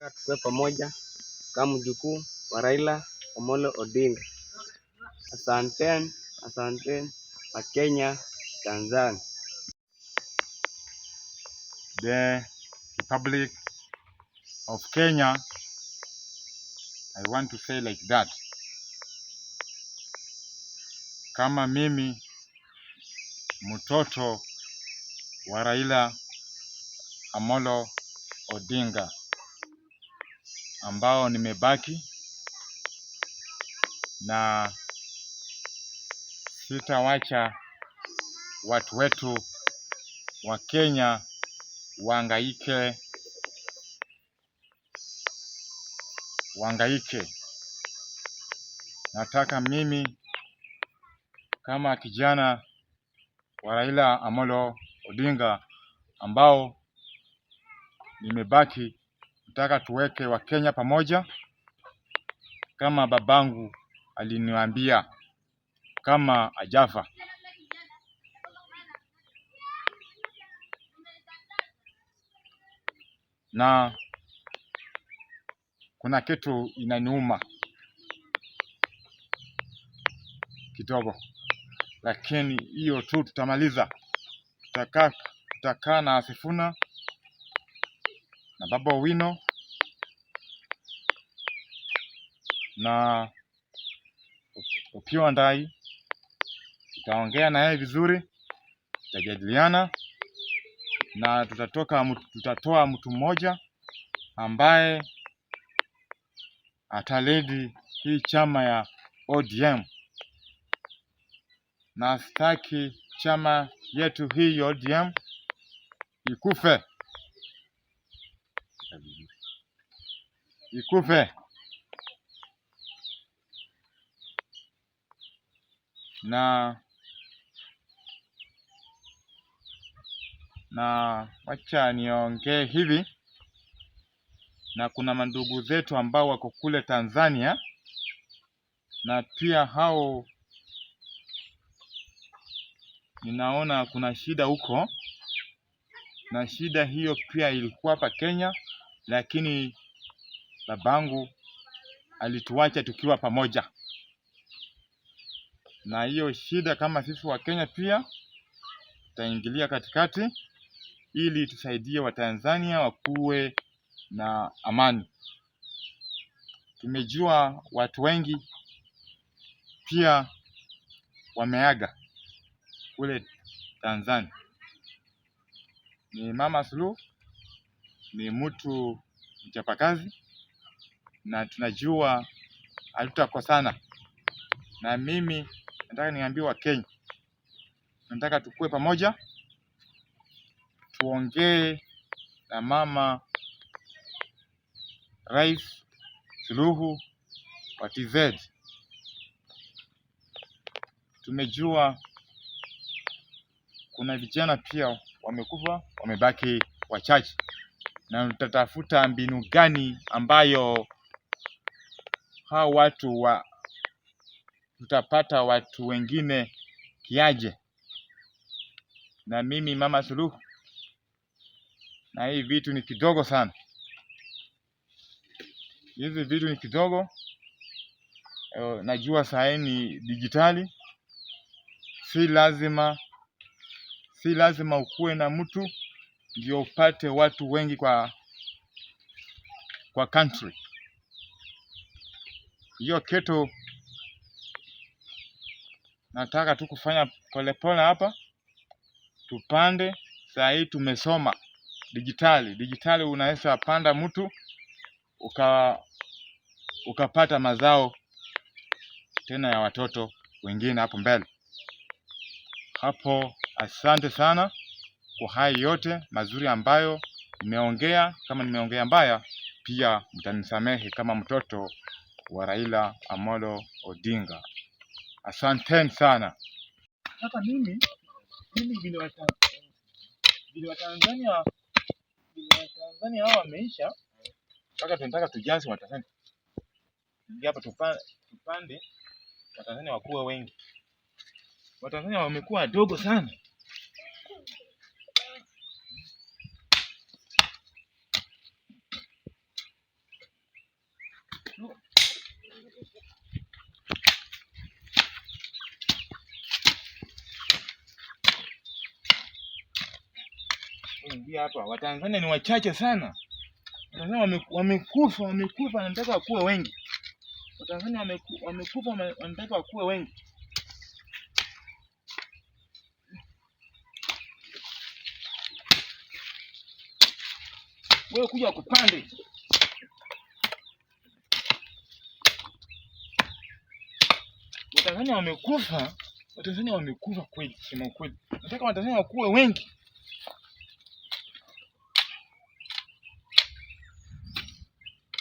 Tunataka pamoja kama mjukuu wa Raila Amolo Odinga. Asanteni, asanteni Wakenya, Tanzania. The Republic of Kenya, I want to say like that. Kama mimi mtoto wa Raila Amolo Odinga ambao nimebaki na sitawacha watu wetu wa Kenya wangaike waangaike. Nataka mimi kama kijana wa Raila Amolo Odinga ambao nimebaki Nataka tuweke Wakenya pamoja kama babangu aliniambia kama ajafa. Na kuna kitu inaniuma kidogo, lakini hiyo tu tutamaliza. Tutakaa na Asifuna na Baba Owino na ukiwa ndai, tutaongea na yeye vizuri, tutajadiliana na tutatoka, tutatoa mtu mmoja ambaye atalidi hii chama ya ODM na sitaki chama yetu hii ODM ikufe, ikufe. na na wacha niongee hivi, na kuna mandugu zetu ambao wako kule Tanzania na pia hao ninaona kuna shida huko, na shida hiyo pia ilikuwa hapa Kenya, lakini babangu alituacha tukiwa pamoja na hiyo shida, kama sisi wa Kenya pia tutaingilia katikati ili tusaidie Watanzania wakuwe na amani. Tumejua watu wengi pia wameaga kule Tanzania. Ni Mama Suluhu ni mtu mchapakazi, na tunajua hatutakosana na mimi nataka niambie kenya nataka tukue pamoja, tuongee na mama Rais Suluhu wa TZ. Tumejua kuna vijana pia wamekufa, wamebaki wachache, na tutatafuta mbinu gani ambayo hao watu wa tutapata watu wengine kiaje? Na mimi Mama Suluhu, na hii vitu ni kidogo sana, hizi vitu ni kidogo. Najua saa ni dijitali, si lazima si lazima ukuwe na mtu ndio upate watu wengi kwa kwa country hiyo keto nataka tu kufanya polepole hapa, tupande. Saa hii tumesoma dijitali, dijitali unaweza panda mtu uka ukapata mazao tena ya watoto wengine hapo mbele hapo. Asante sana kwa haya yote mazuri ambayo nimeongea. Kama nimeongea mbaya, pia mtanisamehe kama mtoto wa Raila Amolo Odinga. Asanteni sana. Sasa mimi mimi vile Watanzania Tanzania hawa wameisha, mpaka tunataka tujaze Watanzania hapa, tupande Watanzania wakuwa wengi. Watanzania wamekuwa wadogo sana. Ingia hapa. Watanzania ni wachache sana. Watanzania wamekufa, wamekufa wanataka wakuwe wengi. Watanzania wamekufa wanataka wakuwe wengi. Wewe kuja kupande. Watanzania wamekufa, Watanzania wamekufa kweli, sema kweli. Nataka Watanzania wakuwe wengi.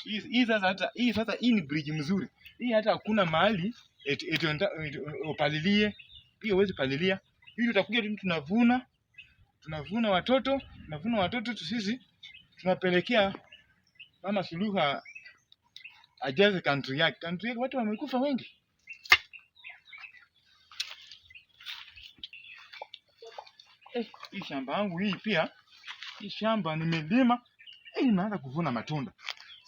hii sasa hata hii sasa hii ni bridge mzuri. Hii hata hakuna mahali eti eti upalilie. Pia huwezi palilia. Hii tutakuja tu tunavuna. Tunavuna watoto, tunavuna watoto sisi tunapelekea Mama Suluhu ajaze country yake. Country yake watu wamekufa wengi. Eh, hii shamba yangu hii pia hii shamba nimelima, hii eh, naanza kuvuna matunda.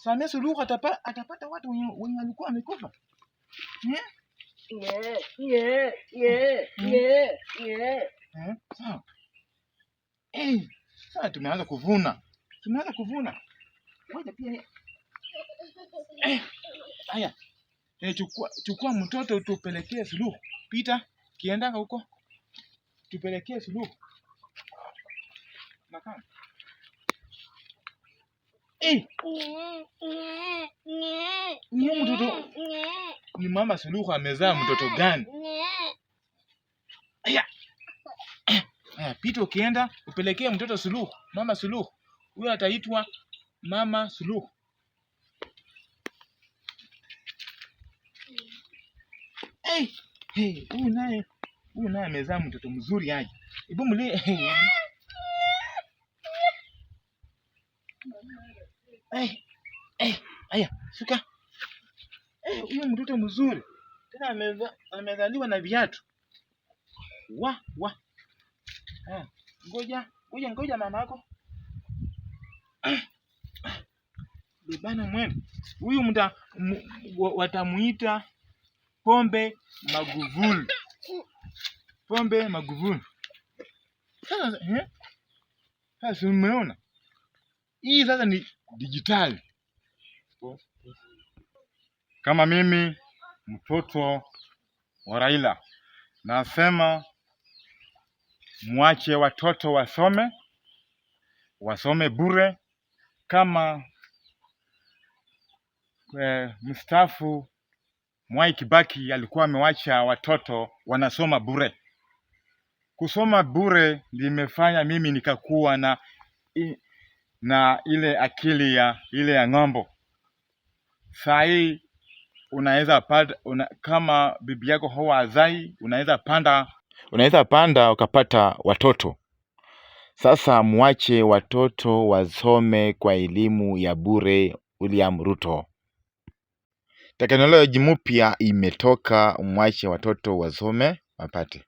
Samia Suluhu atapata, atapata watu wenye wenye walikuwa wamekufa. Eh, sasa tumeanza kuvuna. Tumeanza kuvuna. Ngoja pia. Eh. Haya. Eh, chukua chukua mtoto tupelekee Suluhu. Pita, kienda huko. Tupelekee Suluhu. Makana. Eh, huyo mtoto ni Mama Suluhu amezaa mtoto gani? Aya, aya, pita ukienda upelekee mtoto Suluhu, Mama Suluhu. Huyo ataitwa Mama Suluhu. Hey, eh, eh, hey, huyu naye huyu naye amezaa mtoto mzuri aje. Hebu mlie. Eh, eh, aya, shuka. Eh, huyu mtoto mzuri tena, amezaliwa na viatu. Wa wa, ngoja ngoja ngoja, mama yako Bibana mwene. Huyu mta watamuita Pombe Magufuli, Pombe Magufuli. Sasa umeona hii sasa ni dijitali. Kama mimi mtoto wa Raila nasema mwache watoto wasome, wasome bure kama eh, mstaafu Mwai Kibaki alikuwa amewacha watoto wanasoma bure. Kusoma bure limefanya mimi nikakuwa na na ile akili ya ile ya ng'ombo. Saa hii unaweza pata una, kama bibi yako hawa azai, unaweza panda unaweza panda ukapata watoto. Sasa mwache watoto wasome kwa elimu ya bure. William Ruto. Teknoloji mpya imetoka, mwache watoto wasome wapate